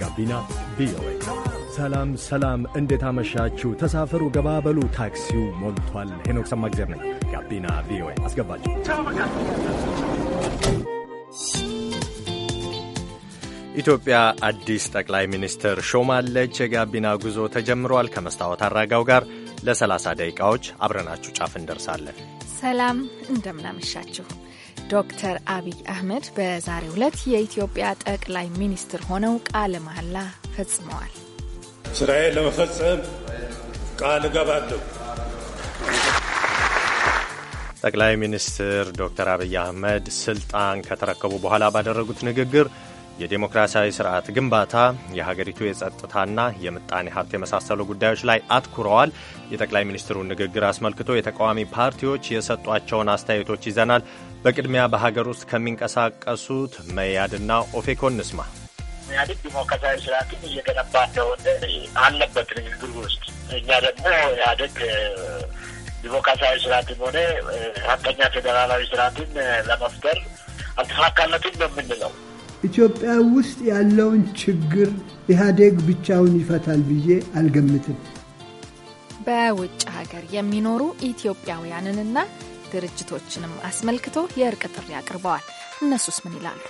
ጋቢና ቪኦኤ። ሰላም ሰላም፣ እንዴት አመሻችሁ? ተሳፈሩ፣ ገባበሉ፣ ታክሲው ሞልቷል። ሄኖክ ሰማግዜር ነኝ። ጋቢና ቪኦኤ አስገባችሁ። ኢትዮጵያ አዲስ ጠቅላይ ሚኒስትር ሾማለች። የጋቢና ጉዞ ተጀምሯል። ከመስታወት አራጋው ጋር ለ30 ደቂቃዎች አብረናችሁ ጫፍ እንደርሳለን። ሰላም፣ እንደምናመሻችሁ ዶክተር አብይ አህመድ በዛሬው ዕለት የኢትዮጵያ ጠቅላይ ሚኒስትር ሆነው ቃለ መሐላ ፈጽመዋል። ስራዬ ለመፈጸም ቃል እገባለሁ። ጠቅላይ ሚኒስትር ዶክተር አብይ አህመድ ስልጣን ከተረከቡ በኋላ ባደረጉት ንግግር የዴሞክራሲያዊ ስርዓት ግንባታ፣ የሀገሪቱ የጸጥታና የምጣኔ ሀብት የመሳሰሉ ጉዳዮች ላይ አትኩረዋል። የጠቅላይ ሚኒስትሩን ንግግር አስመልክቶ የተቃዋሚ ፓርቲዎች የሰጧቸውን አስተያየቶች ይዘናል። በቅድሚያ በሀገር ውስጥ ከሚንቀሳቀሱት መያድና ኦፌኮ እንስማ። ኢህአዴግ ዲሞክራሲያዊ ስርዓትን እየገነባ እንደሆነ አለበት ንግግር ውስጥ። እኛ ደግሞ ኢህአዴግ ዲሞክራሲያዊ ስርዓትን ሆነ ሀቀኛ ፌዴራላዊ ስርዓትን ለመፍጠር አልተሳካለትም ነው የምንለው። ኢትዮጵያ ውስጥ ያለውን ችግር ኢህአዴግ ብቻውን ይፈታል ብዬ አልገምትም። በውጭ ሀገር የሚኖሩ ኢትዮጵያውያንንና ድርጅቶችንም አስመልክቶ የእርቅ ጥሪ አቅርበዋል። እነሱስ ምን ይላሉ?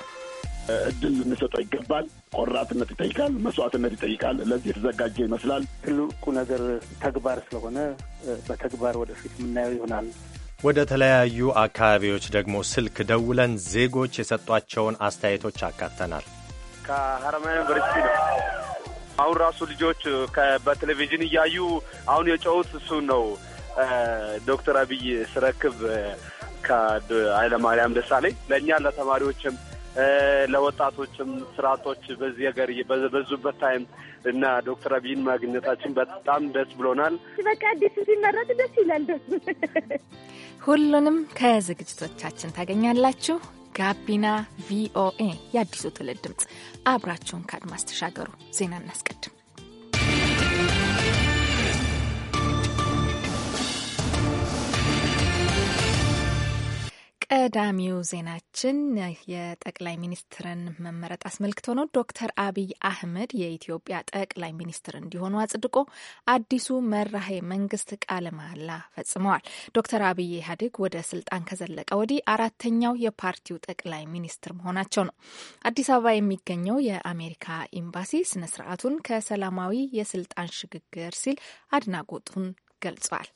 እድል ልንሰጠው ይገባል። ቆራትነት ይጠይቃል፣ መስዋዕትነት ይጠይቃል። ለዚህ የተዘጋጀ ይመስላል። ትልቁ ነገር ተግባር ስለሆነ በተግባር ወደፊት የምናየው ይሆናል። ወደ ተለያዩ አካባቢዎች ደግሞ ስልክ ደውለን ዜጎች የሰጧቸውን አስተያየቶች አካተናል። ከሀረማያ ዩኒቨርሲቲ ነው። አሁን ራሱ ልጆች በቴሌቪዥን እያዩ አሁን የጨውት እሱ ነው ዶክተር አብይ ስረክብ ከኃይለማርያም ደሳለኝ ለእኛ ለተማሪዎችም ለወጣቶችም ስርዓቶች በዚህ ሀገር በዙበት ታይም እና ዶክተር አብይን ማግኘታችን በጣም ደስ ብሎናል። በቃ አዲሱ ሲመረጥ ደስ ይላል። ሁሉንም ከዝግጅቶቻችን ታገኛላችሁ። ጋቢና ቪኦኤ የአዲሱ ትውልድ ድምፅ፣ አብራችሁን ከአድማስ ተሻገሩ። ዜና እናስቀድም። ቀዳሚው ዜናችን የጠቅላይ ሚኒስትርን መመረጥ አስመልክቶ ነው። ዶክተር አብይ አህመድ የኢትዮጵያ ጠቅላይ ሚኒስትር እንዲሆኑ አጽድቆ አዲሱ መራሄ መንግስት ቃለ መሐላ ፈጽመዋል። ዶክተር አብይ ኢህአዴግ ወደ ስልጣን ከዘለቀ ወዲህ አራተኛው የፓርቲው ጠቅላይ ሚኒስትር መሆናቸው ነው። አዲስ አበባ የሚገኘው የአሜሪካ ኤምባሲ ስነ ስርዓቱን ከሰላማዊ የስልጣን ሽግግር ሲል አድናቆቱን ገልጿል።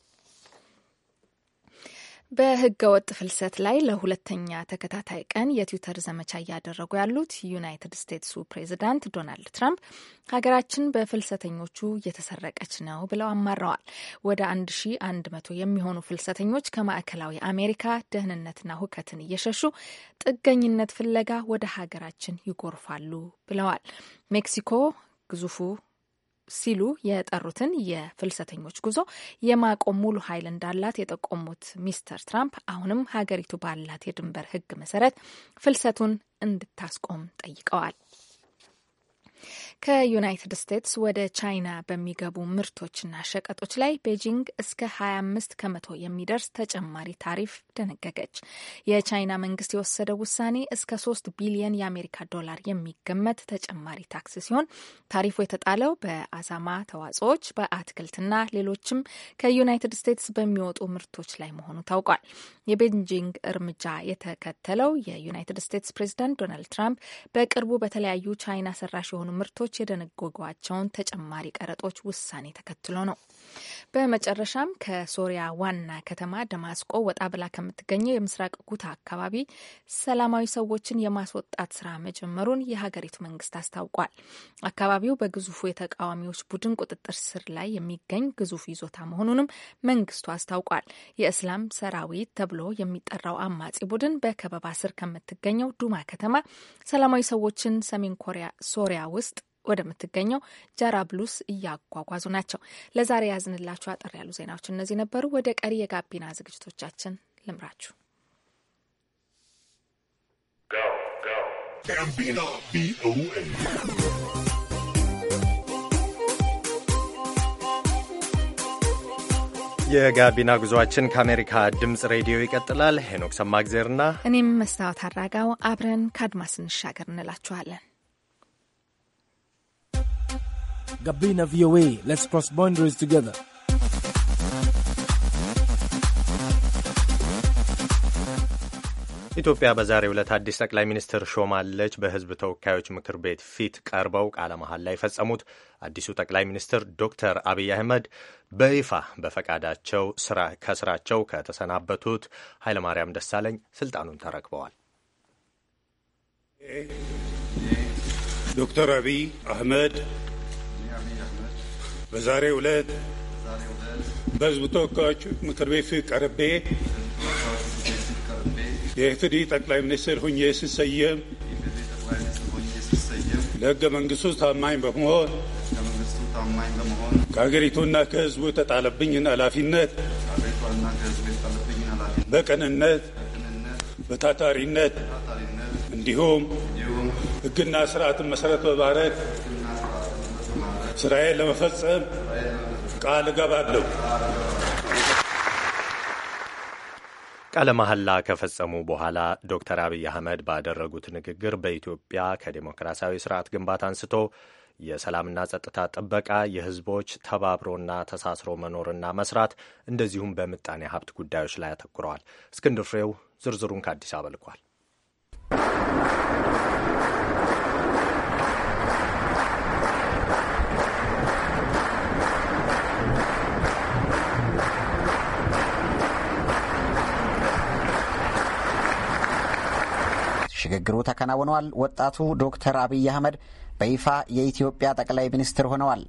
በህገ ወጥ ፍልሰት ላይ ለሁለተኛ ተከታታይ ቀን የትዊተር ዘመቻ እያደረጉ ያሉት ዩናይትድ ስቴትሱ ፕሬዚዳንት ዶናልድ ትራምፕ ሀገራችን በፍልሰተኞቹ እየተሰረቀች ነው ብለው አማረዋል። ወደ 1100 የሚሆኑ ፍልሰተኞች ከማዕከላዊ አሜሪካ ደህንነትና ሁከትን እየሸሹ ጥገኝነት ፍለጋ ወደ ሀገራችን ይጎርፋሉ ብለዋል። ሜክሲኮ ግዙፉ ሲሉ የጠሩትን የፍልሰተኞች ጉዞ የማቆም ሙሉ ኃይል እንዳላት የጠቆሙት ሚስተር ትራምፕ አሁንም ሀገሪቱ ባላት የድንበር ሕግ መሰረት ፍልሰቱን እንድታስቆም ጠይቀዋል። ከዩናይትድ ስቴትስ ወደ ቻይና በሚገቡ ምርቶችና ሸቀጦች ላይ ቤጂንግ እስከ 25 ከመቶ የሚደርስ ተጨማሪ ታሪፍ ደነገገች። የቻይና መንግስት የወሰደው ውሳኔ እስከ 3 ቢሊየን የአሜሪካ ዶላር የሚገመት ተጨማሪ ታክስ ሲሆን ታሪፉ የተጣለው በአሳማ ተዋጽኦች፣ በአትክልትና ሌሎችም ከዩናይትድ ስቴትስ በሚወጡ ምርቶች ላይ መሆኑ ታውቋል። የቤጂንግ እርምጃ የተከተለው የዩናይትድ ስቴትስ ፕሬዚዳንት ዶናልድ ትራምፕ በቅርቡ በተለያዩ ቻይና ሰራሽ የሆኑ ምርቶች ሀገሮች የደነገጓቸውን ተጨማሪ ቀረጦች ውሳኔ ተከትሎ ነው። በመጨረሻም ከሶሪያ ዋና ከተማ ደማስቆ ወጣ ብላ ከምትገኘው የምስራቅ ጉታ አካባቢ ሰላማዊ ሰዎችን የማስወጣት ስራ መጀመሩን የሀገሪቱ መንግስት አስታውቋል። አካባቢው በግዙፉ የተቃዋሚዎች ቡድን ቁጥጥር ስር ላይ የሚገኝ ግዙፍ ይዞታ መሆኑንም መንግስቱ አስታውቋል። የእስላም ሰራዊት ተብሎ የሚጠራው አማጺ ቡድን በከበባ ስር ከምትገኘው ዱማ ከተማ ሰላማዊ ሰዎችን ሰሜን ኮሪያ ሶሪያ ውስጥ ወደምትገኘው ጀራ ብሉስ እያጓጓዙ ናቸው። ለዛሬ ያዝንላችሁ አጠር ያሉ ዜናዎች እነዚህ ነበሩ። ወደ ቀሪ የጋቢና ዝግጅቶቻችን ልምራችሁ። የጋቢና ጉዞአችን ከአሜሪካ ድምፅ ሬዲዮ ይቀጥላል። ሄኖክ ሰማግዜርና እኔም መስታወት አራጋው አብረን ከአድማስ እንሻገር እንላችኋለን። Gabina VOA. Let's cross boundaries together. ኢትዮጵያ በዛሬው ዕለት አዲስ ጠቅላይ ሚኒስትር ሾማለች። በሕዝብ ተወካዮች ምክር ቤት ፊት ቀርበው ቃለ መሐላ ላይ የፈጸሙት አዲሱ ጠቅላይ ሚኒስትር ዶክተር አብይ አህመድ በይፋ በፈቃዳቸው ከስራቸው ከተሰናበቱት ኃይለማርያም ደሳለኝ ስልጣኑን ተረክበዋል። ዶክተር አብይ አህመድ በዛሬው ዕለት በህዝብ ተወካዮች ምክር ቤት ፊት ቀርቤ የኢፌዴሪ ጠቅላይ ሚኒስትር ሁኜ ስሰየም ለህገ መንግስቱ ታማኝ በመሆን ከሀገሪቱና ከህዝቡ የተጣለብኝን ኃላፊነት በቅንነት በታታሪነት እንዲሁም ህግና ስርዓትን መሰረት በማድረግ ስራዬን ለመፈጸም ቃል እገባለሁ። ቃለ መሐላ ከፈጸሙ በኋላ ዶክተር አብይ አህመድ ባደረጉት ንግግር በኢትዮጵያ ከዴሞክራሲያዊ ስርዓት ግንባታ አንስቶ የሰላምና ጸጥታ ጥበቃ፣ የህዝቦች ተባብሮና ተሳስሮ መኖርና መስራት እንደዚሁም በምጣኔ ሀብት ጉዳዮች ላይ አተኩረዋል። እስክንድር ፍሬው ዝርዝሩን ከአዲስ አበባ ልኳል። ሽግግሩ ተከናውነዋል። ወጣቱ ዶክተር አብይ አህመድ በይፋ የኢትዮጵያ ጠቅላይ ሚኒስትር ሆነዋል።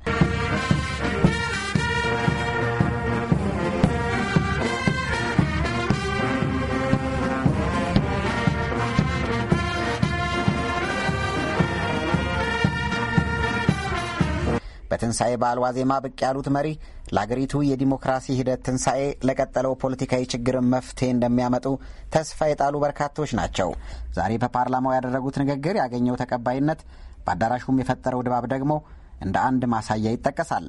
በትንሣኤ በዓል ዋዜማ ብቅ ያሉት መሪ ለአገሪቱ የዲሞክራሲ ሂደት ትንሣኤ ለቀጠለው ፖለቲካዊ ችግርን መፍትሄ እንደሚያመጡ ተስፋ የጣሉ በርካቶች ናቸው። ዛሬ በፓርላማው ያደረጉት ንግግር ያገኘው ተቀባይነት፣ በአዳራሹም የፈጠረው ድባብ ደግሞ እንደ አንድ ማሳያ ይጠቀሳል።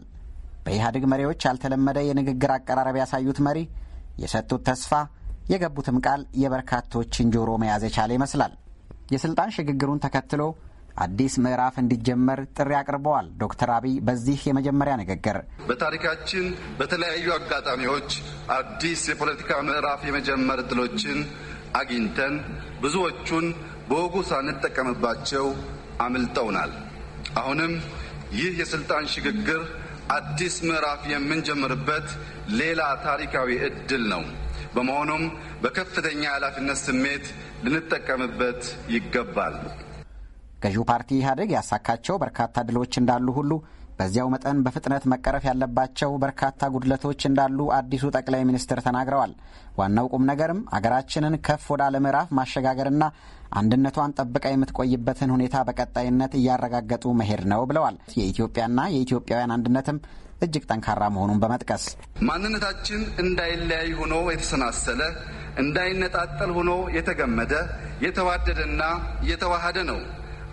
በኢህአዴግ መሪዎች ያልተለመደ የንግግር አቀራረብ ያሳዩት መሪ የሰጡት ተስፋ የገቡትም ቃል የበርካቶችን ጆሮ መያዝ የቻለ ይመስላል። የስልጣን ሽግግሩን ተከትሎ አዲስ ምዕራፍ እንዲጀመር ጥሪ አቅርበዋል። ዶክተር አብይ በዚህ የመጀመሪያ ንግግር በታሪካችን በተለያዩ አጋጣሚዎች አዲስ የፖለቲካ ምዕራፍ የመጀመር እድሎችን አግኝተን ብዙዎቹን በወጉ ሳንጠቀምባቸው አምልጠውናል። አሁንም ይህ የስልጣን ሽግግር አዲስ ምዕራፍ የምንጀምርበት ሌላ ታሪካዊ እድል ነው። በመሆኑም በከፍተኛ ኃላፊነት ስሜት ልንጠቀምበት ይገባል። ገዢው ፓርቲ ኢህአዴግ ያሳካቸው በርካታ ድሎች እንዳሉ ሁሉ በዚያው መጠን በፍጥነት መቀረፍ ያለባቸው በርካታ ጉድለቶች እንዳሉ አዲሱ ጠቅላይ ሚኒስትር ተናግረዋል። ዋናው ቁም ነገርም አገራችንን ከፍ ወዳለ ምዕራፍ ማሸጋገርና አንድነቷን ጠብቃ የምትቆይበትን ሁኔታ በቀጣይነት እያረጋገጡ መሄድ ነው ብለዋል። የኢትዮጵያና የኢትዮጵያውያን አንድነትም እጅግ ጠንካራ መሆኑን በመጥቀስ ማንነታችን እንዳይለያይ ሆኖ የተሰናሰለ እንዳይነጣጠል ሆኖ የተገመደ የተዋደደና የተዋሃደ ነው።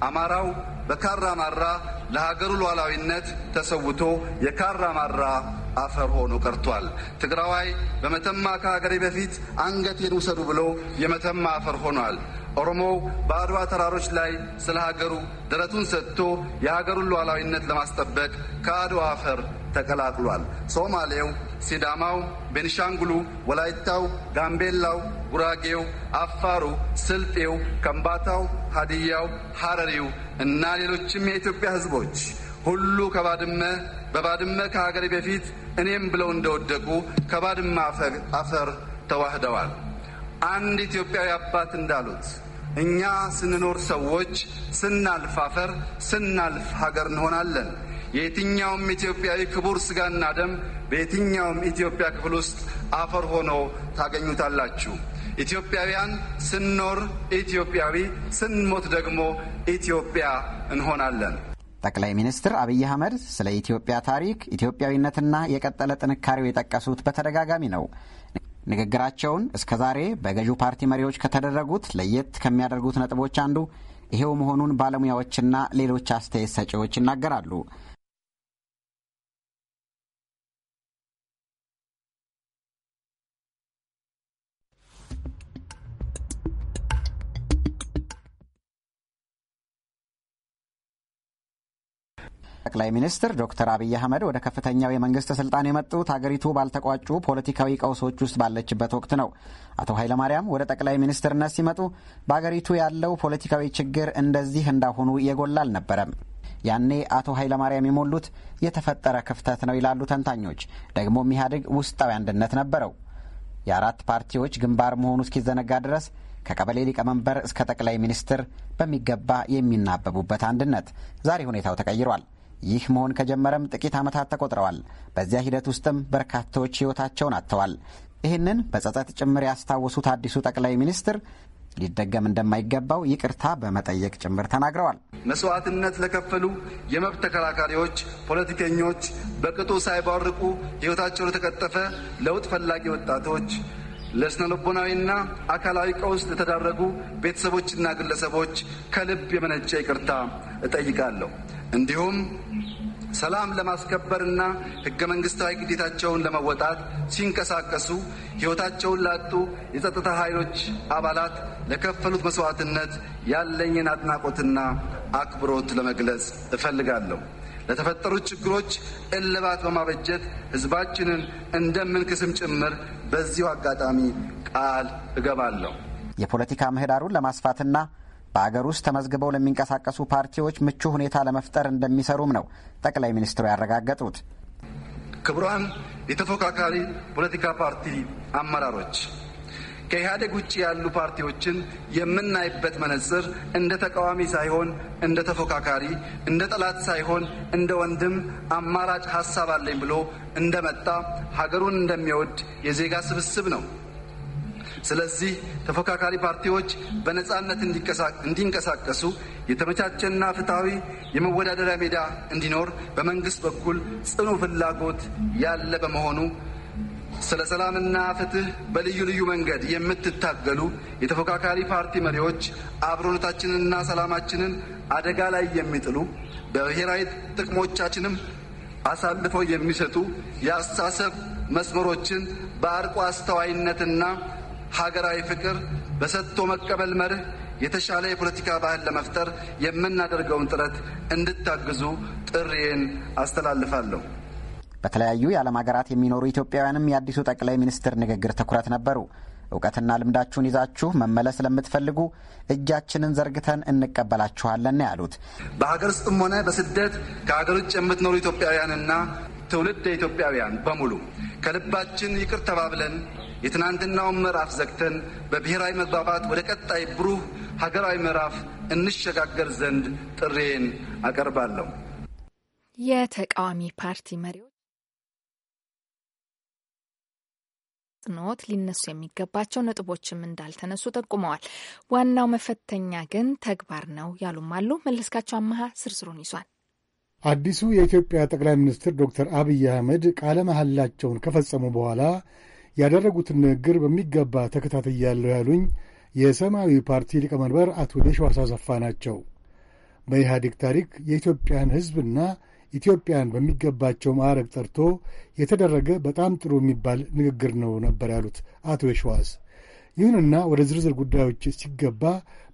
አማራው በካራ ማራ ለሀገሩ ሉዓላዊነት ተሰውቶ የካራ ማራ አፈር ሆኖ ቀርቷል። ትግራዋይ በመተማ ከሀገሬ በፊት አንገቴን ውሰዱ ብሎ የመተማ አፈር ሆኗል። ኦሮሞው በአድዋ ተራሮች ላይ ስለ ሀገሩ ደረቱን ሰጥቶ የሀገሩን ሉዓላዊነት ለማስጠበቅ ከአድዋ አፈር ተቀላቅሏል። ሶማሌው፣ ሲዳማው፣ ቤንሻንጉሉ፣ ወላይታው፣ ጋምቤላው፣ ጉራጌው፣ አፋሩ፣ ስልጤው፣ ከምባታው፣ ሀዲያው፣ ሀረሪው እና ሌሎችም የኢትዮጵያ ህዝቦች ሁሉ ከባድመ በባድመ ከሀገሬ በፊት እኔም ብለው እንደወደቁ ከባድመ አፈር ተዋህደዋል። አንድ ኢትዮጵያዊ አባት እንዳሉት እኛ ስንኖር ሰዎች፣ ስናልፍ አፈር፣ ስናልፍ ሀገር እንሆናለን። የየትኛውም ኢትዮጵያዊ ክቡር ስጋና ደም በየትኛውም ኢትዮጵያ ክፍል ውስጥ አፈር ሆኖ ታገኙታላችሁ። ኢትዮጵያውያን ስንኖር ኢትዮጵያዊ፣ ስንሞት ደግሞ ኢትዮጵያ እንሆናለን። ጠቅላይ ሚኒስትር አብይ አህመድ ስለ ኢትዮጵያ ታሪክ፣ ኢትዮጵያዊነትና የቀጠለ ጥንካሬው የጠቀሱት በተደጋጋሚ ነው። ንግግራቸውን እስከ ዛሬ በገዢው ፓርቲ መሪዎች ከተደረጉት ለየት ከሚያደርጉት ነጥቦች አንዱ ይሄው መሆኑን ባለሙያዎችና ሌሎች አስተያየት ሰጪዎች ይናገራሉ። ጠቅላይ ሚኒስትር ዶክተር አብይ አህመድ ወደ ከፍተኛው የመንግስት ስልጣን የመጡት ሀገሪቱ ባልተቋጩ ፖለቲካዊ ቀውሶች ውስጥ ባለችበት ወቅት ነው። አቶ ኃይለማርያም ወደ ጠቅላይ ሚኒስትርነት ሲመጡ በሀገሪቱ ያለው ፖለቲካዊ ችግር እንደዚህ እንዳሁኑ የጎላ አልነበረም። ያኔ አቶ ኃይለማርያም የሞሉት የተፈጠረ ክፍተት ነው ይላሉ ተንታኞች። ደግሞም ኢህአዴግ ውስጣዊ አንድነት ነበረው። የአራት ፓርቲዎች ግንባር መሆኑ እስኪዘነጋ ድረስ ከቀበሌ ሊቀመንበር እስከ ጠቅላይ ሚኒስትር በሚገባ የሚናበቡበት አንድነት። ዛሬ ሁኔታው ተቀይሯል። ይህ መሆን ከጀመረም ጥቂት ዓመታት ተቆጥረዋል። በዚያ ሂደት ውስጥም በርካታዎች ሕይወታቸውን አጥተዋል። ይህንን በጸጸት ጭምር ያስታወሱት አዲሱ ጠቅላይ ሚኒስትር ሊደገም እንደማይገባው ይቅርታ በመጠየቅ ጭምር ተናግረዋል። መስዋዕትነት ለከፈሉ የመብት ተከራካሪዎች፣ ፖለቲከኞች በቅጡ ሳይባርቁ ሕይወታቸው ለተቀጠፈ ለውጥ ፈላጊ ወጣቶች፣ ለስነልቦናዊና አካላዊ ቀውስ ለተዳረጉ ቤተሰቦችና ግለሰቦች ከልብ የመነጨ ይቅርታ እጠይቃለሁ። እንዲሁም ሰላም ለማስከበርና ህገ መንግስታዊ ግዴታቸውን ለመወጣት ሲንቀሳቀሱ ሕይወታቸውን ላጡ የጸጥታ ኃይሎች አባላት ለከፈሉት መስዋዕትነት ያለኝን አድናቆትና አክብሮት ለመግለጽ እፈልጋለሁ። ለተፈጠሩት ችግሮች እልባት በማበጀት ሕዝባችንን እንደምንክስም ጭምር በዚሁ አጋጣሚ ቃል እገባለሁ። የፖለቲካ ምህዳሩን ለማስፋትና በአገር ውስጥ ተመዝግበው ለሚንቀሳቀሱ ፓርቲዎች ምቹ ሁኔታ ለመፍጠር እንደሚሰሩም ነው ጠቅላይ ሚኒስትሩ ያረጋገጡት። ክቡራን የተፎካካሪ ፖለቲካ ፓርቲ አመራሮች ከኢህአዴግ ውጭ ያሉ ፓርቲዎችን የምናይበት መነጽር እንደ ተቃዋሚ ሳይሆን እንደ ተፎካካሪ፣ እንደ ጠላት ሳይሆን እንደ ወንድም አማራጭ ሀሳብ አለኝ ብሎ እንደመጣ ሀገሩን እንደሚወድ የዜጋ ስብስብ ነው። ስለዚህ ተፎካካሪ ፓርቲዎች በነጻነት እንዲንቀሳቀሱ የተመቻቸና ፍትሐዊ የመወዳደሪያ ሜዳ እንዲኖር በመንግስት በኩል ጽኑ ፍላጎት ያለ በመሆኑ ስለ ሰላምና ፍትህ በልዩ ልዩ መንገድ የምትታገሉ የተፎካካሪ ፓርቲ መሪዎች አብሮነታችንንና ሰላማችንን አደጋ ላይ የሚጥሉ በብሔራዊ ጥቅሞቻችንም አሳልፈው የሚሰጡ የአስተሳሰብ መስመሮችን በአርቆ አስተዋይነትና ሀገራዊ ፍቅር፣ በሰጥቶ መቀበል መርህ የተሻለ የፖለቲካ ባህል ለመፍጠር የምናደርገውን ጥረት እንድታግዙ ጥሪዬን አስተላልፋለሁ። በተለያዩ የዓለም ሀገራት የሚኖሩ ኢትዮጵያውያንም የአዲሱ ጠቅላይ ሚኒስትር ንግግር ትኩረት ነበሩ። እውቀትና ልምዳችሁን ይዛችሁ መመለስ ለምትፈልጉ እጃችንን ዘርግተን እንቀበላችኋለን ያሉት በሀገር ውስጥም ሆነ በስደት ከሀገር ውጭ የምትኖሩ ኢትዮጵያውያንና ትውልድ ኢትዮጵያውያን በሙሉ ከልባችን ይቅር ተባብለን የትናንትናውን ምዕራፍ ዘግተን በብሔራዊ መግባባት ወደ ቀጣይ ብሩህ ሀገራዊ ምዕራፍ እንሸጋገር ዘንድ ጥሬን አቀርባለሁ። የተቃዋሚ ፓርቲ መሪዎች አጽንኦት ሊነሱ የሚገባቸው ነጥቦችም እንዳልተነሱ ጠቁመዋል። ዋናው መፈተኛ ግን ተግባር ነው ያሉም አሉ። መለስካቸው አመሃ ዝርዝሩን ይዟል። አዲሱ የኢትዮጵያ ጠቅላይ ሚኒስትር ዶክተር አብይ አህመድ ቃለ መሐላቸውን ከፈጸሙ በኋላ ያደረጉትን ንግግር በሚገባ ተከታትያለሁ ያሉኝ የሰማያዊ ፓርቲ ሊቀመንበር አቶ የሸዋስ አሰፋ ናቸው። በኢህአዴግ ታሪክ የኢትዮጵያን ሕዝብና ኢትዮጵያን በሚገባቸው ማዕረግ ጠርቶ የተደረገ በጣም ጥሩ የሚባል ንግግር ነው ነበር ያሉት አቶ የሸዋስ። ይሁንና ወደ ዝርዝር ጉዳዮች ሲገባ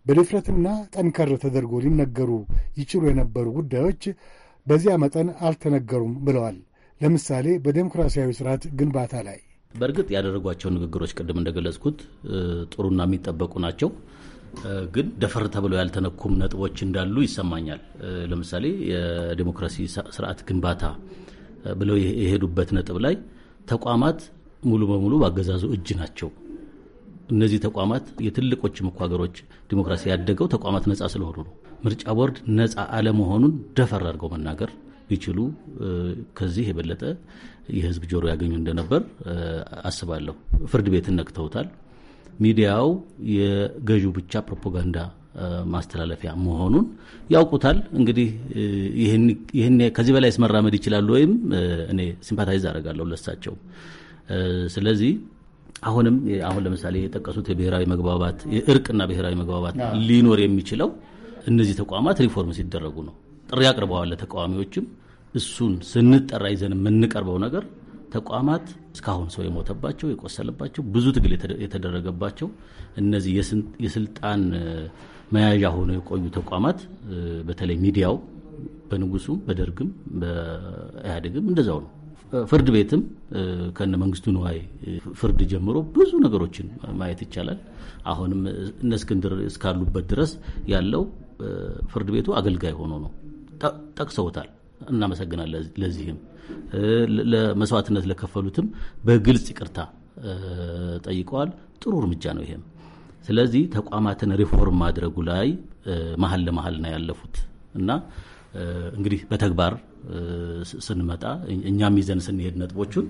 በድፍረትና ጠንከር ተደርጎ ሊነገሩ ይችሉ የነበሩ ጉዳዮች በዚያ መጠን አልተነገሩም ብለዋል። ለምሳሌ በዴሞክራሲያዊ ስርዓት ግንባታ ላይ በእርግጥ ያደረጓቸው ንግግሮች ቅድም እንደገለጽኩት ጥሩና የሚጠበቁ ናቸው። ግን ደፈር ተብለው ያልተነኩም ነጥቦች እንዳሉ ይሰማኛል። ለምሳሌ የዲሞክራሲ ስርዓት ግንባታ ብለው የሄዱበት ነጥብ ላይ ተቋማት ሙሉ በሙሉ በአገዛዙ እጅ ናቸው። እነዚህ ተቋማት የትልቆች እኮ ሀገሮች ዲሞክራሲ ያደገው ተቋማት ነጻ ስለሆኑ ነው። ምርጫ ቦርድ ነጻ አለመሆኑን ደፈር አድርገው መናገር ቢችሉ ከዚህ የበለጠ የህዝብ ጆሮ ያገኙ እንደነበር አስባለሁ። ፍርድ ቤትን ነቅተውታል። ሚዲያው የገዢው ብቻ ፕሮፓጋንዳ ማስተላለፊያ መሆኑን ያውቁታል። እንግዲህ ይህን ከዚህ በላይ መራመድ ይችላሉ ወይም እኔ ሲምፓታይዝ አደርጋለሁ ለሳቸው። ስለዚህ አሁንም አሁን ለምሳሌ የጠቀሱት የብሔራዊ መግባባት የእርቅና ብሔራዊ መግባባት ሊኖር የሚችለው እነዚህ ተቋማት ሪፎርም ሲደረጉ ነው። ጥሪ አቅርበዋል ለተቃዋሚዎችም። እሱን ስንጠራ ይዘን የምንቀርበው ነገር ተቋማት እስካሁን ሰው የሞተባቸው የቆሰለባቸው፣ ብዙ ትግል የተደረገባቸው እነዚህ የስልጣን መያዣ ሆነው የቆዩ ተቋማት በተለይ ሚዲያው በንጉሱም በደርግም በኢህአዴግም እንደዛው ነው። ፍርድ ቤትም ከነ መንግስቱ ንዋይ ፍርድ ጀምሮ ብዙ ነገሮችን ማየት ይቻላል። አሁንም እነ እስክንድር እስካሉበት ድረስ ያለው ፍርድ ቤቱ አገልጋይ ሆኖ ነው ጠቅሰውታል። እናመሰግናለን። ለዚህም ለመስዋዕትነት ለከፈሉትም በግልጽ ይቅርታ ጠይቀዋል። ጥሩ እርምጃ ነው ይሄም። ስለዚህ ተቋማትን ሪፎርም ማድረጉ ላይ መሀል ለመሀል ነው ያለፉት እና እንግዲህ በተግባር ስንመጣ እኛም ይዘን ስንሄድ ነጥቦቹን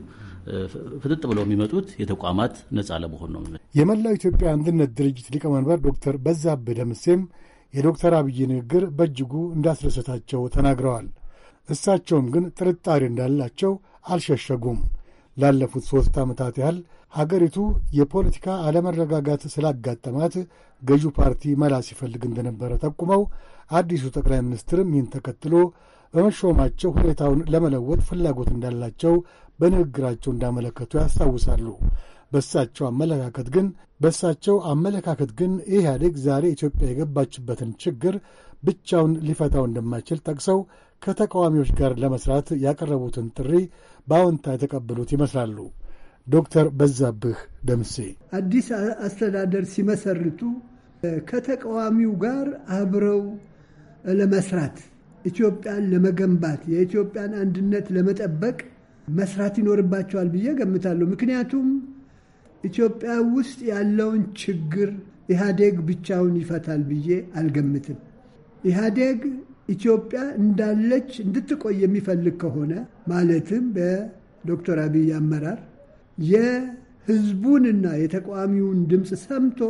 ፍጥጥ ብለው የሚመጡት የተቋማት ነጻ ለመሆን ነው። የመላው ኢትዮጵያ አንድነት ድርጅት ሊቀመንበር ዶክተር በዛብህ ደምሴም የዶክተር አብይ ንግግር በእጅጉ እንዳስደሰታቸው ተናግረዋል። እሳቸውም ግን ጥርጣሬ እንዳላቸው አልሸሸጉም። ላለፉት ሦስት ዓመታት ያህል ሀገሪቱ የፖለቲካ አለመረጋጋት ስላጋጠማት ገዢው ፓርቲ መላ ሲፈልግ እንደነበረ ጠቁመው አዲሱ ጠቅላይ ሚኒስትርም ይህን ተከትሎ በመሾማቸው ሁኔታውን ለመለወጥ ፍላጎት እንዳላቸው በንግግራቸው እንዳመለከቱ ያስታውሳሉ። በሳቸው አመለካከት ግን በሳቸው አመለካከት ግን ኢህአዴግ ዛሬ ኢትዮጵያ የገባችበትን ችግር ብቻውን ሊፈታው እንደማይችል ጠቅሰው ከተቃዋሚዎች ጋር ለመስራት ያቀረቡትን ጥሪ በአዎንታ የተቀበሉት ይመስላሉ። ዶክተር በዛብህ ደምሴ አዲስ አስተዳደር ሲመሰርቱ ከተቃዋሚው ጋር አብረው ለመስራት ኢትዮጵያን ለመገንባት የኢትዮጵያን አንድነት ለመጠበቅ መስራት ይኖርባቸዋል ብዬ ገምታለሁ። ምክንያቱም ኢትዮጵያ ውስጥ ያለውን ችግር ኢህአዴግ ብቻውን ይፈታል ብዬ አልገምትም። ኢህአዴግ ኢትዮጵያ እንዳለች እንድትቆይ የሚፈልግ ከሆነ ማለትም በዶክተር አብይ አመራር የህዝቡንና የተቃዋሚውን ድምፅ ሰምቶ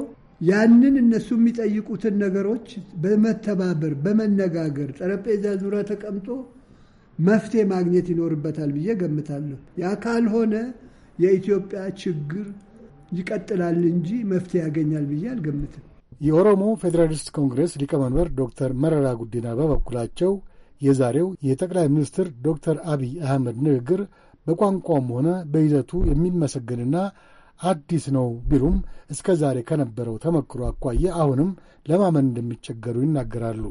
ያንን እነሱ የሚጠይቁትን ነገሮች በመተባበር በመነጋገር ጠረጴዛ ዙሪያ ተቀምጦ መፍትሄ ማግኘት ይኖርበታል ብዬ ገምታለሁ። ያ ካልሆነ የኢትዮጵያ ችግር ይቀጥላል እንጂ መፍትሄ ያገኛል ብዬ አልገምትም። የኦሮሞ ፌዴራሊስት ኮንግሬስ ሊቀመንበር ዶክተር መረራ ጉዲና በበኩላቸው የዛሬው የጠቅላይ ሚኒስትር ዶክተር አብይ አህመድ ንግግር በቋንቋም ሆነ በይዘቱ የሚመሰገንና አዲስ ነው ቢሉም እስከ ዛሬ ከነበረው ተመክሮ አኳየ አሁንም ለማመን እንደሚቸገሩ ይናገራሉ።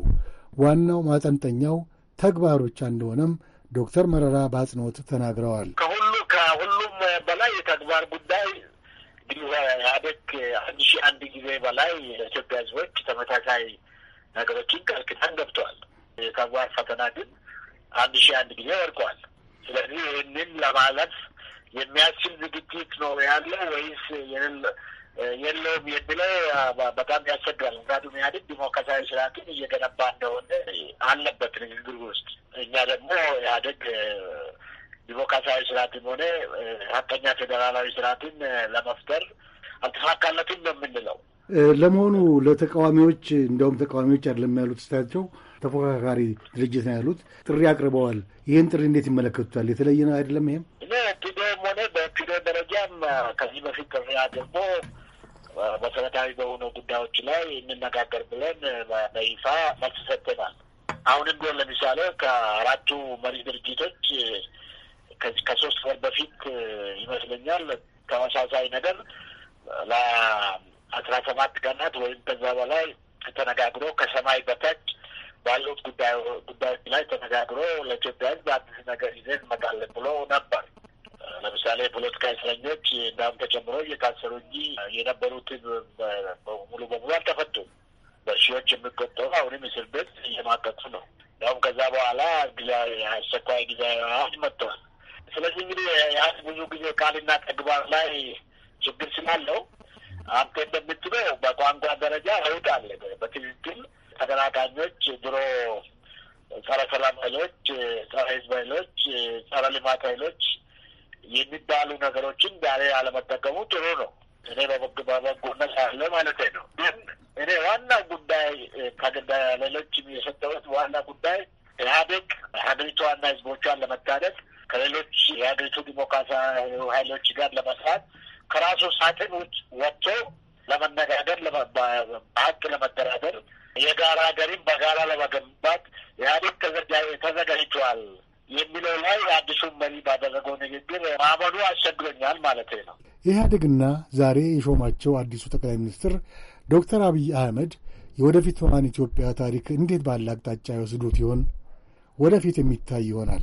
ዋናው ማጠንጠኛው ተግባር ብቻ እንደሆነም ዶክተር መረራ በአጽንኦት ተናግረዋል። ከሁሉ ከሁሉም በላይ የተግባር ጉዳይ ኢህአዴግ አንድ ሺህ አንድ ጊዜ በላይ ለኢትዮጵያ ህዝቦች ተመሳሳይ ነገሮችን ቃል ኪዳን ገብተዋል። የተግባር ፈተና ግን አንድ ሺህ አንድ ጊዜ ወድቀዋል። ስለዚህ ይህንን ለማለፍ የሚያስችል ዝግጅት ነው ያለው ወይስ የለውም የሚለው በጣም ያስቸግራል። ምክንያቱም ኢህአዴግ ዲሞክራሲያዊ ስርዓትን እየገነባ እንደሆነ አለበት ንግግር ውስጥ እኛ ደግሞ ኢህአዴግ ዲሞክራሲያዊ ስርዓትም ሆነ ሀቀኛ ፌዴራላዊ ስርዓትን ለመፍጠር አልተሳካለትም ነው የምንለው። ለመሆኑ ለተቃዋሚዎች እንደውም ተቃዋሚዎች አይደለም ያሉት ስታቸው ተፎካካሪ ድርጅት ነው ያሉት ጥሪ አቅርበዋል። ይህን ጥሪ እንዴት ይመለከቱታል? የተለየ ነው አይደለም። ይሄም እኔ ፒዴም ሆነ በፒዴም ደረጃም ከዚህ በፊት ጥሪ አድርጎ መሰረታዊ በሆኑ ጉዳዮች ላይ እንነጋገር ብለን በይፋ መልስ ሰጥተናል። አሁንም እንደ ለምሳሌ ከአራቱ መሪ ድርጅቶች ከሶስት ወር በፊት ይመስለኛል ተመሳሳይ ነገር ለአስራ ሰባት ቀናት ወይም ከዛ በላይ ተነጋግሮ ከሰማይ በታች ባሉት ጉዳዮች ላይ ተነጋግሮ ለኢትዮጵያ ሕዝብ አዲስ ነገር ይዘን እንመጣለን ብሎ ነበር። ለምሳሌ ፖለቲካ እስረኞች እንዳሁም ተጨምሮ እየታሰሩ እንጂ የነበሩትን ሙሉ በሙሉ አልተፈቱም። በሺዎች የሚቆጠሩ አሁንም እስር ቤት እየማቀቱ ነው። እንዲሁም ከዛ በኋላ አስቸኳይ ጊዜ አዋጅ መጥተዋል። ስለዚህ እንግዲህ ብዙ ጊዜ ቃልና ተግባር ላይ ችግር ስላለው አንተ እንደምትለው በቋንቋ ደረጃ ለውጥ አለ። በትክክል ተቀናቃኞች ድሮ ጸረ ሰላም ኃይሎች፣ ጸረ ህዝብ ኃይሎች፣ ጸረ ልማት ኃይሎች የሚባሉ ነገሮችን ዛሬ አለመጠቀሙ ጥሩ ነው። እኔ በበጎነት ያለ ማለት ነው። ግን እኔ ዋና ጉዳይ ከሌሎች የሰጠሁት ዋና ጉዳይ ኢህአዴግ ሀገሪቷና ህዝቦቿን ለመታደግ ከሌሎች የሀገሪቱ ዲሞክራሲያዊ ሀይሎች ጋር ለመስራት ከራሱ ሳጥን ውጭ ወጥቶ ለመነጋገር በሀቅ ለመደራደር የጋራ ሀገሪም በጋራ ለመገንባት ኢህአዴግ ተዘጋጅቷል የሚለው ላይ አዲሱን መሪ ባደረገው ንግግር ማመኑ አስቸግሮኛል ማለት ነው። ኢህአዴግና ዛሬ የሾማቸው አዲሱ ጠቅላይ ሚኒስትር ዶክተር አብይ አህመድ የወደፊቷን ኢትዮጵያ ታሪክ እንዴት ባለ አቅጣጫ ይወስዱት ይሆን? ወደፊት የሚታይ ይሆናል።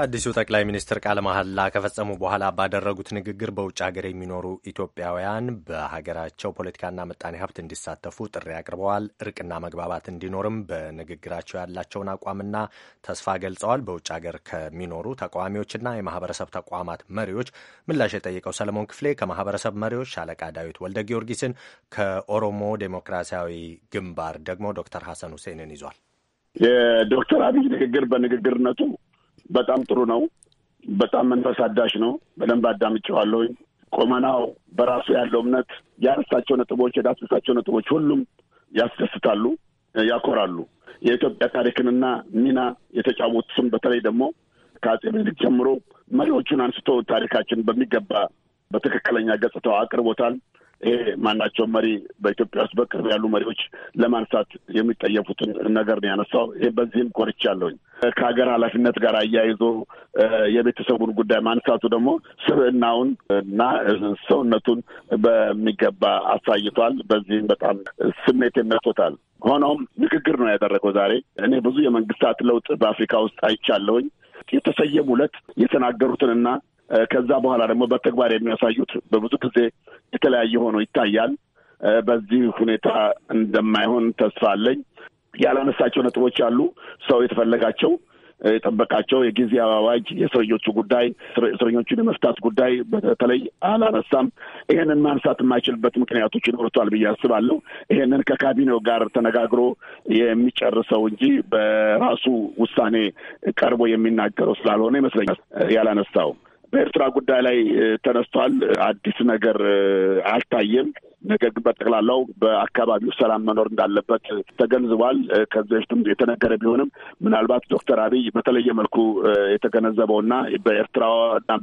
አዲሱ ጠቅላይ ሚኒስትር ቃለ መሐላ ከፈጸሙ በኋላ ባደረጉት ንግግር በውጭ ሀገር የሚኖሩ ኢትዮጵያውያን በሀገራቸው ፖለቲካና ምጣኔ ሀብት እንዲሳተፉ ጥሪ አቅርበዋል። እርቅና መግባባት እንዲኖርም በንግግራቸው ያላቸውን አቋምና ተስፋ ገልጸዋል። በውጭ ሀገር ከሚኖሩ ተቃዋሚዎችና የማህበረሰብ ተቋማት መሪዎች ምላሽ የጠየቀው ሰለሞን ክፍሌ ከማህበረሰብ መሪዎች ሻለቃ ዳዊት ወልደ ጊዮርጊስን፣ ከኦሮሞ ዴሞክራሲያዊ ግንባር ደግሞ ዶክተር ሀሰን ሁሴንን ይዟል። የዶክተር አብይ ንግግር በንግግርነቱ በጣም ጥሩ ነው። በጣም መንፈስ አዳሽ ነው። በደንብ አዳምጨዋለሁኝ። ቆመናው በራሱ ያለው እምነት ያነሳቸው ነጥቦች የዳሰሳቸው ነጥቦች ሁሉም ያስደስታሉ፣ ያኮራሉ። የኢትዮጵያ ታሪክንና ሚና የተጫወቱ ስም በተለይ ደግሞ ከአጼ ምኒልክ ጀምሮ መሪዎቹን አንስቶ ታሪካችን በሚገባ በትክክለኛ ገጽታው አቅርቦታል። ይሄ ማናቸውም መሪ በኢትዮጵያ ውስጥ በቅርብ ያሉ መሪዎች ለማንሳት የሚጠየፉትን ነገር ነው ያነሳው። ይሄ በዚህም ኮርቻለሁኝ። ከሀገር ኃላፊነት ጋር አያይዞ የቤተሰቡን ጉዳይ ማንሳቱ ደግሞ ስብዕናውን እና ሰውነቱን በሚገባ አሳይቷል። በዚህም በጣም ስሜት ነቶታል። ሆኖም ንግግር ነው ያደረገው ዛሬ። እኔ ብዙ የመንግስታት ለውጥ በአፍሪካ ውስጥ አይቻለሁኝ። የተሰየሙ ዕለት የተናገሩትንና ከዛ በኋላ ደግሞ በተግባር የሚያሳዩት በብዙ ጊዜ የተለያየ ሆኖ ይታያል። በዚህ ሁኔታ እንደማይሆን ተስፋ አለኝ። ያላነሳቸው ነጥቦች አሉ። ሰው የተፈለጋቸው የጠበቃቸው የጊዜ አዋጅ፣ የእስረኞቹ ጉዳይ፣ እስረኞቹን የመፍታት ጉዳይ በተለይ አላነሳም። ይሄንን ማንሳት የማይችልበት ምክንያቶች ይኖርቷል ብዬ አስባለሁ። ይሄንን ከካቢኔው ጋር ተነጋግሮ የሚጨርሰው እንጂ በራሱ ውሳኔ ቀርቦ የሚናገረው ስላልሆነ ይመስለኛል ያላነሳው። በኤርትራ ጉዳይ ላይ ተነስቷል። አዲስ ነገር አልታየም። ነገር ግን በጠቅላላው በአካባቢው ሰላም መኖር እንዳለበት ተገንዝቧል። ከዚህ በፊትም የተነገረ ቢሆንም ምናልባት ዶክተር አብይ በተለየ መልኩ የተገነዘበውና በኤርትራ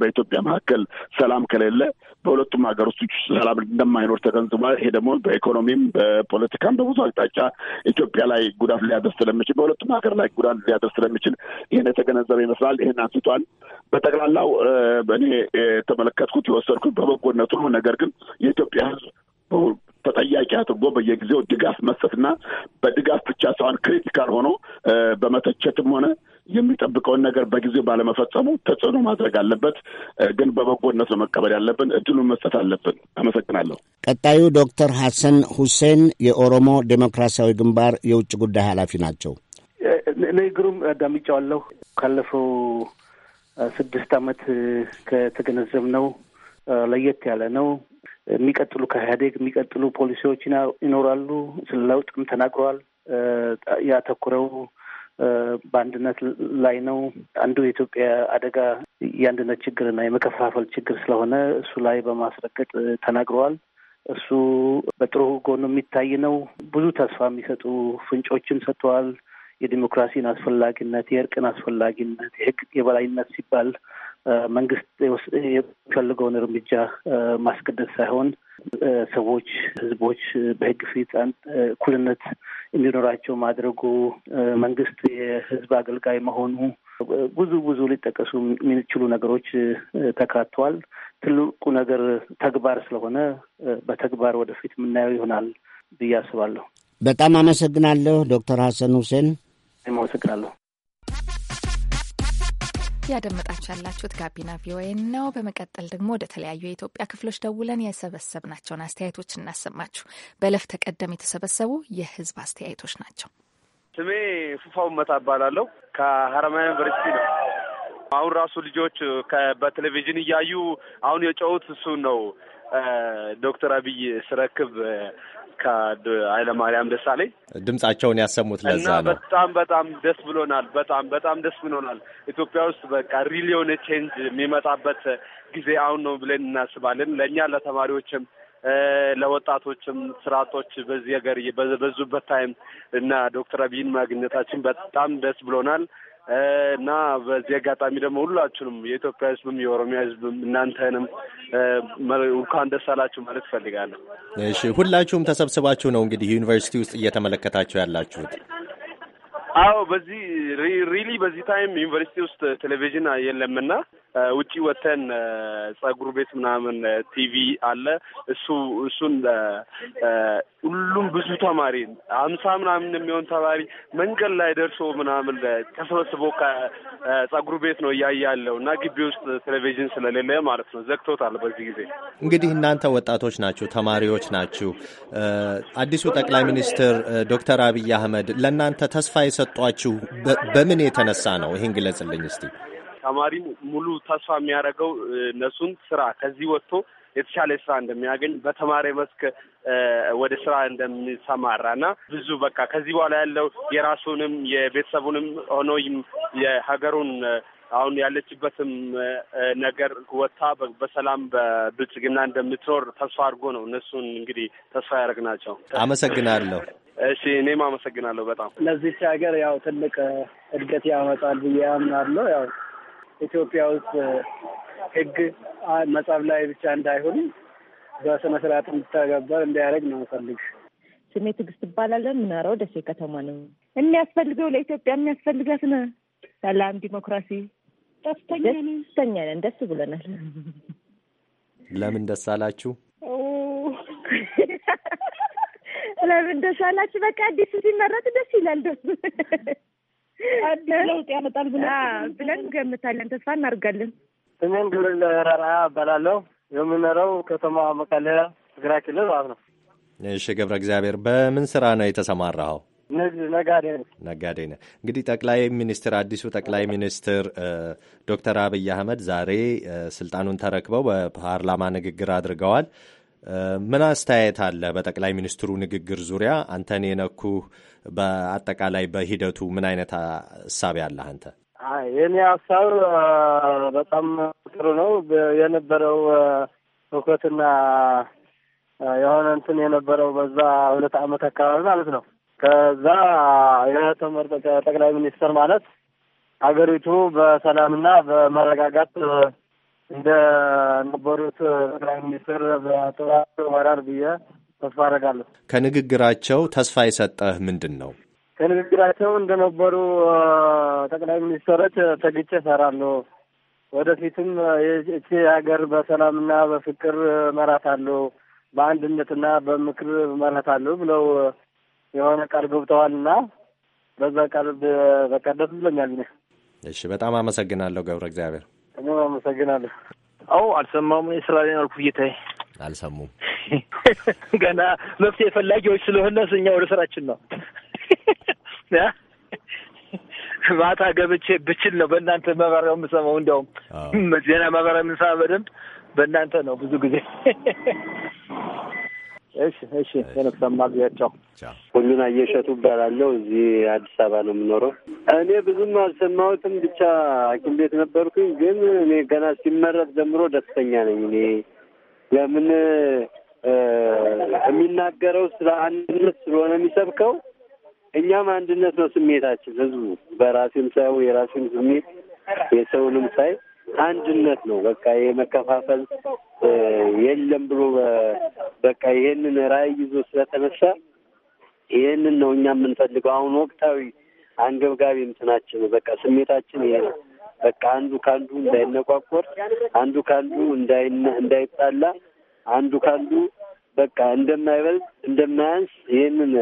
በኢትዮጵያ መካከል ሰላም ከሌለ በሁለቱም ሀገር ውስጥ ሰላም እንደማይኖር ተገንዝቧል። ይሄ ደግሞ በኢኮኖሚም በፖለቲካም በብዙ አቅጣጫ ኢትዮጵያ ላይ ጉዳት ሊያደርስ ስለሚችል በሁለቱም ሀገር ላይ ጉዳት ሊያደርስ ስለሚችል ይህን የተገነዘበ ይመስላል። ይህን አንስቷል። በጠቅላላው እኔ የተመለከትኩት የወሰድኩት በበጎነቱ ነው። ነገር ግን የኢትዮጵያ ሕዝብ ተጠያቂ አድርጎ በየጊዜው ድጋፍ መስጠትና በድጋፍ ብቻ ሳይሆን ክሪቲካል ሆኖ በመተቸትም ሆነ የሚጠብቀውን ነገር በጊዜው ባለመፈጸሙ ተጽዕኖ ማድረግ አለበት። ግን በበጎነት ነው መቀበል ያለብን፣ እድሉን መስጠት አለብን። አመሰግናለሁ። ቀጣዩ ዶክተር ሐሰን ሁሴን የኦሮሞ ዴሞክራሲያዊ ግንባር የውጭ ጉዳይ ኃላፊ ናቸው። ግሩም አዳምጫዋለሁ። ካለፈው ስድስት ዓመት ነው ለየት ያለ ነው። የሚቀጥሉ ከኢህአዴግ የሚቀጥሉ ፖሊሲዎች ይኖራሉ። ስለ ለውጥም ተናግረዋል። ያተኩረው በአንድነት ላይ ነው። አንዱ የኢትዮጵያ አደጋ የአንድነት ችግርና የመከፋፈል ችግር ስለሆነ እሱ ላይ በማስረገጥ ተናግረዋል። እሱ በጥሩ ጎኑ የሚታይ ነው። ብዙ ተስፋ የሚሰጡ ፍንጮችን ሰጥተዋል። የዲሞክራሲን አስፈላጊነት፣ የእርቅን አስፈላጊነት፣ የህግ የበላይነት ሲባል መንግስት የሚፈልገውን እርምጃ ማስገደድ ሳይሆን ሰዎች፣ ህዝቦች በህግ ፊት እኩልነት እንዲኖራቸው ማድረጉ መንግስት የህዝብ አገልጋይ መሆኑ ብዙ ብዙ ሊጠቀሱ የሚችሉ ነገሮች ተካተዋል። ትልቁ ነገር ተግባር ስለሆነ በተግባር ወደፊት የምናየው ይሆናል ብዬ አስባለሁ። በጣም አመሰግናለሁ ዶክተር ሀሰን ሁሴን። አመሰግናለሁ። እያደመጣችሁ ያላችሁት ጋቢና ቪኦኤ ነው። በመቀጠል ደግሞ ወደ ተለያዩ የኢትዮጵያ ክፍሎች ደውለን የሰበሰብናቸውን አስተያየቶች እናሰማችሁ። በለፍ ተቀደም የተሰበሰቡ የህዝብ አስተያየቶች ናቸው። ስሜ ፉፋው መታ እባላለሁ። ከሀረማያ ዩኒቨርሲቲ ነው። አሁን ራሱ ልጆች በቴሌቪዥን እያዩ አሁን የጨውት እሱን ነው ዶክተር አብይ ስረክብ ከኃይለማርያም ደሳለኝ ድምጻቸውን ያሰሙት ለዛ ነው። በጣም በጣም ደስ ብሎናል። በጣም በጣም ደስ ብሎናል። ኢትዮጵያ ውስጥ በቃ ሪል የሆነ ቼንጅ የሚመጣበት ጊዜ አሁን ነው ብለን እናስባለን። ለእኛ ለተማሪዎችም ለወጣቶችም ስራ በዚህ ሀገር በዙበት ታይም እና ዶክተር አብይን ማግኘታችን በጣም ደስ ብሎናል። እና በዚህ አጋጣሚ ደግሞ ሁላችሁንም የኢትዮጵያ ህዝብም የኦሮሚያ ህዝብም እናንተንም እንኳን ደስ አላችሁ ማለት እፈልጋለሁ። እሺ ሁላችሁም ተሰብስባችሁ ነው እንግዲህ ዩኒቨርሲቲ ውስጥ እየተመለከታችሁ ያላችሁት? አዎ በዚህ ሪሊ በዚህ ታይም ዩኒቨርሲቲ ውስጥ ቴሌቪዥን የለምና ውጪ ወተን ጸጉር ቤት ምናምን ቲቪ አለ። እሱ እሱን ሁሉም ብዙ ተማሪ አምሳ ምናምን የሚሆን ተማሪ መንገድ ላይ ደርሶ ምናምን ተሰበስቦ ጸጉር ቤት ነው እያየ ያለው እና ግቢ ውስጥ ቴሌቪዥን ስለሌለ ማለት ነው ዘግቶታል። በዚህ ጊዜ እንግዲህ እናንተ ወጣቶች ናችሁ፣ ተማሪዎች ናችሁ። አዲሱ ጠቅላይ ሚኒስትር ዶክተር አብይ አህመድ ለእናንተ ተስፋ የሰጧችሁ በምን የተነሳ ነው? ይህን ግለጽልኝ እስቲ። ተማሪም ሙሉ ተስፋ የሚያደርገው እነሱን ስራ ከዚህ ወጥቶ የተሻለ ስራ እንደሚያገኝ በተማሪ መስክ ወደ ስራ እንደሚሰማራ እና ብዙ በቃ ከዚህ በኋላ ያለው የራሱንም የቤተሰቡንም ሆኖ የሀገሩን አሁን ያለችበትም ነገር ወታ በሰላም በብልጽግና እንደምትኖር ተስፋ አድርጎ ነው እነሱን እንግዲህ ተስፋ ያደርግ ናቸው። አመሰግናለሁ። እሺ እኔም አመሰግናለሁ በጣም ለዚች ሀገር ያው ትልቅ እድገት ያመጣል ብዬ አምናለሁ ያው ኢትዮጵያ ውስጥ ህግ መጻፍ ላይ ብቻ እንዳይሆን በስነ ስርዓት እንድታገበር እንዲያደርግ ነው ፈልግ። ስሜ ትዕግስት ይባላለን። ምናረው ደሴ ከተማ ነው። የሚያስፈልገው ለኢትዮጵያ የሚያስፈልጋት ነ ሰላም፣ ዲሞክራሲ ደስተኛ ነን። ደስ ብለናል ለምን ደስ አላችሁ? ለምን ደስ አላችሁ? በቃ አዲሱ ሲመረጥ ደስ ይላል። ደስ አዲስ ለውጥ ያመጣል ብለን ገምታለን፣ ተስፋ እናደርጋለን። ስሜን ግብርኤል ረራ እባላለሁ። የምኖረው ከተማ መቀለ፣ ትግራይ ክልል ማለት ነው። እሺ ገብረ እግዚአብሔር፣ በምን ስራ ነው የተሰማራኸው? ንግድ፣ ነጋዴ ነህ? ነጋዴ ነህ። እንግዲህ ጠቅላይ ሚኒስትር አዲሱ ጠቅላይ ሚኒስትር ዶክተር አብይ አህመድ ዛሬ ስልጣኑን ተረክበው በፓርላማ ንግግር አድርገዋል። ምን አስተያየት አለ? በጠቅላይ ሚኒስትሩ ንግግር ዙሪያ አንተን የነኩ በአጠቃላይ በሂደቱ ምን አይነት ሀሳብ ያለህ አንተ? የኔ ሀሳብ በጣም ጥሩ ነው። የነበረው እውከትና የሆነ እንትን የነበረው በዛ ሁለት ዓመት አካባቢ ማለት ነው። ከዛ የተመረጠ ጠቅላይ ሚኒስትር ማለት ሀገሪቱ በሰላምና በመረጋጋት እንደ ነበሩት ጠቅላይ ሚኒስትር በጥራት መራር ብዬ ተስፋ አደርጋለሁ። ከንግግራቸው ተስፋ የሰጠህ ምንድን ነው? ከንግግራቸው እንደነበሩ ጠቅላይ ሚኒስትሮች ተግቼ እሰራለሁ፣ ወደፊትም ይህቺ ሀገር በሰላምና በፍቅር እመራታለሁ፣ በአንድነትና በምክር እመራታለሁ ብለው የሆነ ቃል ገብተዋልና በዛ ቃል በቀደስ ብለኛል። እሺ፣ በጣም አመሰግናለሁ ገብረ እግዚአብሔር። እኔም አመሰግናለሁ። አዎ አልሰማሙ ስራሌ ስራ ላይ ነው አልኩ። እየታይ አልሰሙም። ገና መፍትሄ ፈላጊዎች ስለሆነ እኛ ወደ ስራችን ነው። ማታ ገብቼ ብችል ነው በእናንተ ማብራሪያ የምሰማው። እንዲያውም ዜና ማብራሪያ የምንሰማ በደንብ በእናንተ ነው ብዙ ጊዜ እሺ እሺ። ሰማ ሁሉን አየሸቱ እባላለሁ። እዚህ አዲስ አበባ ነው የምኖረው። እኔ ብዙም አልሰማሁትም፣ ብቻ ሐኪም ቤት ነበርኩኝ። ግን እኔ ገና ሲመረጥ ጀምሮ ደስተኛ ነኝ። እኔ ለምን የሚናገረው ስለ አንድነት ስለሆነ የሚሰብከው እኛም አንድነት ነው ስሜታችን ህዝቡ በራሴም ሳይ የራሴም ስሜት የሰውንም ሳይ አንድነት ነው። በቃ ይሄ መከፋፈል የለም ብሎ በቃ ይሄንን ራዕይ ይዞ ስለተነሳ ይሄንን ነው እኛ የምንፈልገው። አሁን ወቅታዊ አንገብጋቢ እንትናችን በቃ ስሜታችን ይሄ ነው። በቃ አንዱ ከአንዱ እንዳይነቋቆር፣ አንዱ ከአንዱ እንዳይጣላ፣ አንዱ ከአንዱ በቃ እንደማይበልጥ እንደማያንስ ይህንን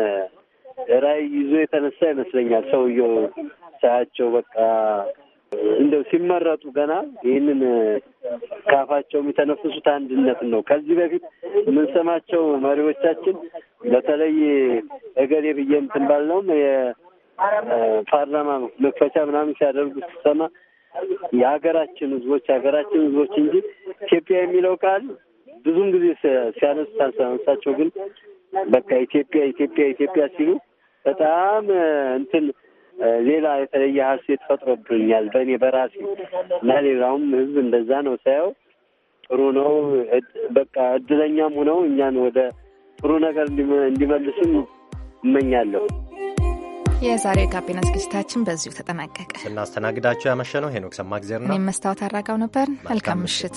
ራዕይ ይዞ የተነሳ ይመስለኛል ሰውየው ሳያቸው በቃ እንደው ሲመረጡ ገና ይህንን ካፋቸው የሚተነፍሱት አንድነት ነው። ከዚህ በፊት የምንሰማቸው መሪዎቻችን በተለይ እገሌ ብዬ እንትን ባልነውም የፓርላማ መክፈቻ ምናምን ሲያደርጉ ስሰማ የሀገራችን ህዝቦች የሀገራችን ህዝቦች እንጂ ኢትዮጵያ የሚለው ቃል ብዙም ጊዜ ሲያነሱ ሳንሳንሳቸው ግን በቃ ኢትዮጵያ ኢትዮጵያ ኢትዮጵያ ሲሉ በጣም እንትን ሌላ የተለየ ሀሴት ፈጥሮብኛል በእኔ በራሴ እና ሌላውም ህዝብ እንደዛ ነው ሳየው ጥሩ ነው። በቃ እድለኛም ሆነው እኛን ወደ ጥሩ ነገር እንዲመልስም እመኛለሁ። የዛሬ ጋቢና ዝግጅታችን በዚሁ ተጠናቀቀ። ስናስተናግዳቸው ያመሸ ነው ሄኖክ ሰማግዜር ነው። እኔም መስታወት አድራጋው ነበር። መልካም ምሽት።